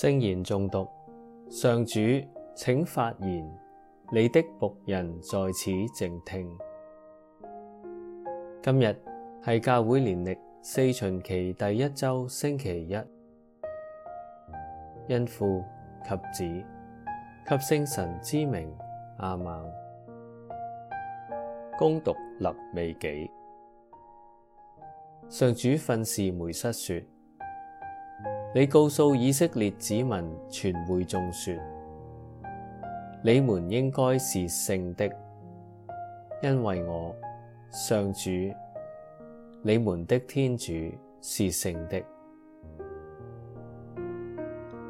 聖言誦讀，上主，請發言，你的僕人在此靜聽。今日係教會年曆四旬期第一周星期一，因父及子及聖神之名阿孟。恭讀肋未紀，上主訓示梅瑟說。你告訴以色列子民全會眾說：你們應該是聖的，因為我上主你們的天主是聖的。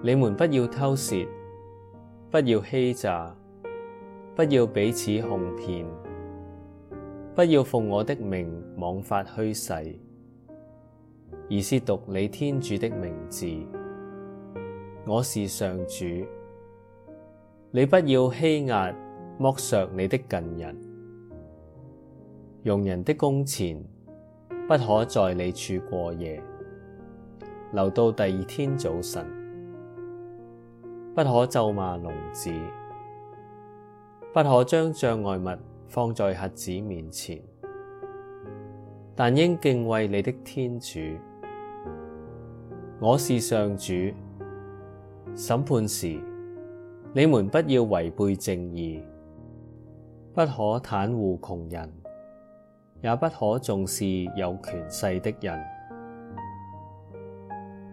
你們不要偷竊，不要欺詐，不要彼此哄騙，不要奉我的名妄發虛誓。而褻瀆你天主的名字，我是上主，你不要欺壓、剝削你的近人，傭人的工錢不可在你處過夜，留到第二天早晨。不可咒罵聾子，不可將障礙物放在瞎子面前，但應敬畏你的天主。我是上主。審判時，你們不要違背正義，不可袒護窮人，也不可重視有權勢的人，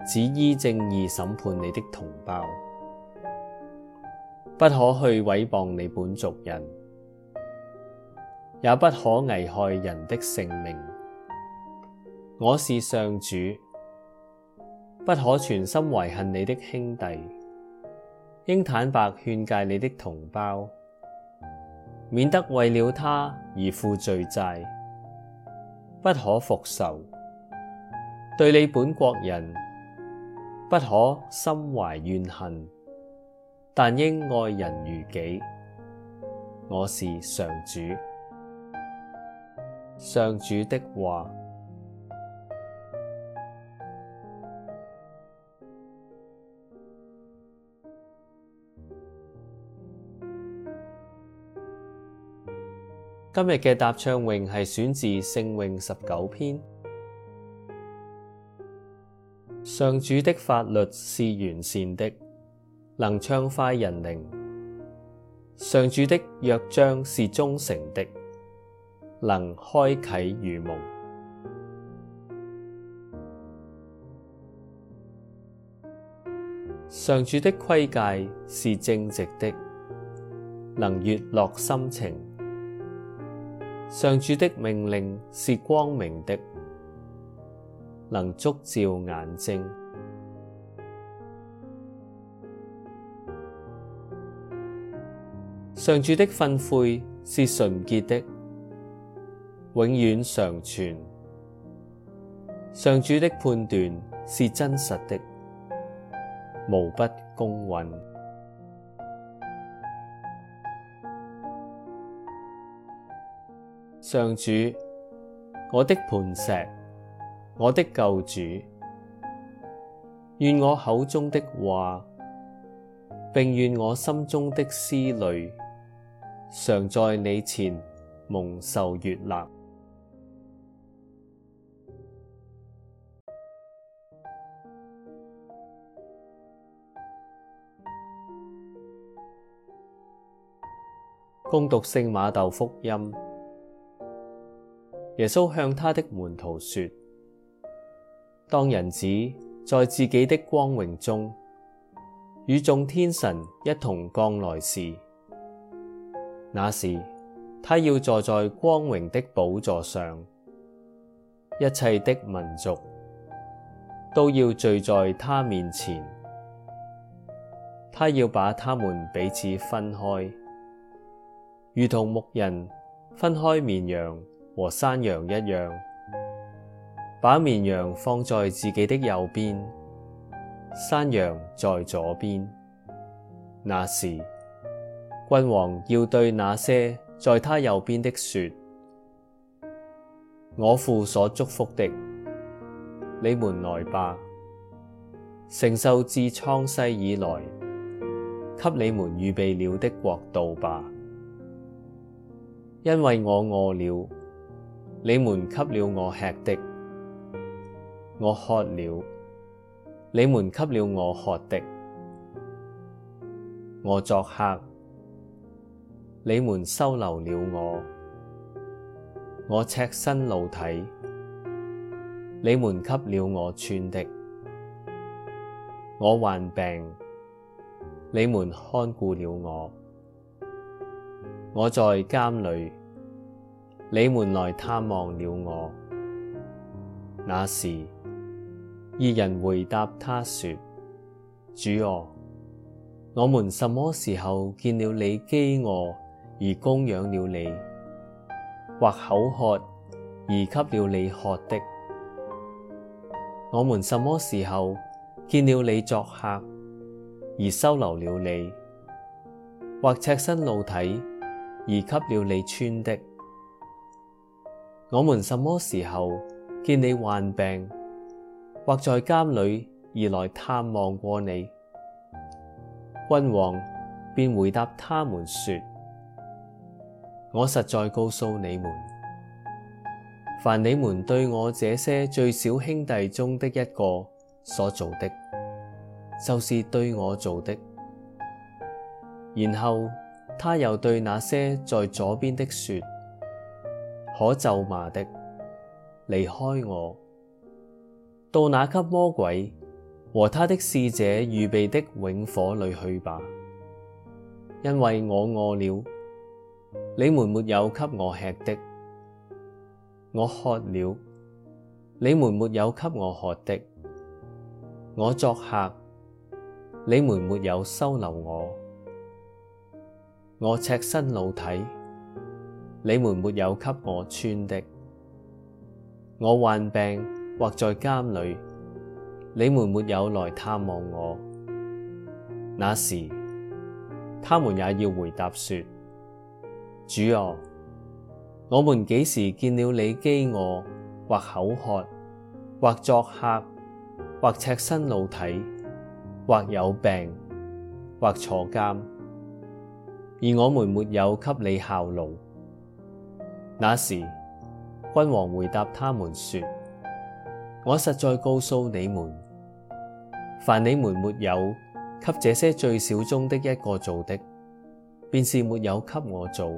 只依正義審判你的同胞，不可去毀謗你本族人，也不可危害人的性命。我是上主。不可存心懷恨你的兄弟，應坦白勸戒你的同胞，免得為了他而負罪債，不可復仇。對你本國人，不可心懷怨恨，但應愛人如己。我是上主。上主的話。今日嘅答唱詠，係選自聖詠十九篇。上主的法律是完善的，能暢快人靈；上主的約章是忠誠的，能開啟愚蒙；上主的規誡是正直的，能悅樂心情。上主的命令是光明的，能燭照眼睛；上主的訓誨是純潔的，永遠常存；上主的判斷是真實的，無不公允。上主，我的磐石，我的救主，願我口中的話，並願我心中的思慮，常在你前蒙受悦納。恭讀聖瑪竇福音。耶穌向他的門徒說：「當人子在自己的光榮中，與眾天神一同降來時，那時他要坐在光榮的寶座上，一切的民族，都要聚在他面前，他要把他們彼此分開，如同牧人分開綿羊。和山羊一樣，把綿羊放在自己的右邊，山羊在左邊。那時，君王要對那些在他右邊的說：我父所祝福的，你們來吧，承受自創世以來給你們預備了的國度吧，因為我餓了。你們給了我吃的，我喝了；你們給了我喝的，我作客；你們收留了我，我赤身露體；你們給了我穿的，我患病；你們看顧了我，我在監裏。你們來探望了我，那時義人回答他說：主啊，我們什麼時候見了你饑餓而供養了你，或口渴而給了你喝的？我們什麼時候見了你作客而收留了你，或赤身露體而給了你穿的？我們什麼時候見你患病，或在監裡而來探望過你？君王便回答他們說：我實在告訴你們，凡你們對我這些最小兄弟中的一個所做的，就是對我做的。然後他又對那些在左邊的說。可咒罵的，離開我，到那給魔鬼和他的使者預備的永火裡去吧，因為我餓了，你們沒有給我吃的；我渴了，你們沒有給我喝的；我作客，你們沒有收留我；我赤身露體。你們沒有給我穿的，我患病或在監裏，你們沒有來探望我。那時，他們也要回答說：主啊，我們幾時見了你飢餓，或口渴，或作客，或赤身露體，或有病，或坐監，而我們沒有給你效勞？那時，君王回答他們說：我實在告訴你們，凡你們沒有給這些最小中的一個做的，便是沒有給我做。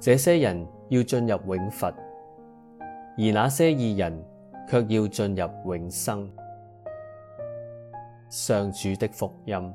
這些人要進入永罰，而那些義人卻要進入永生。上主的福音。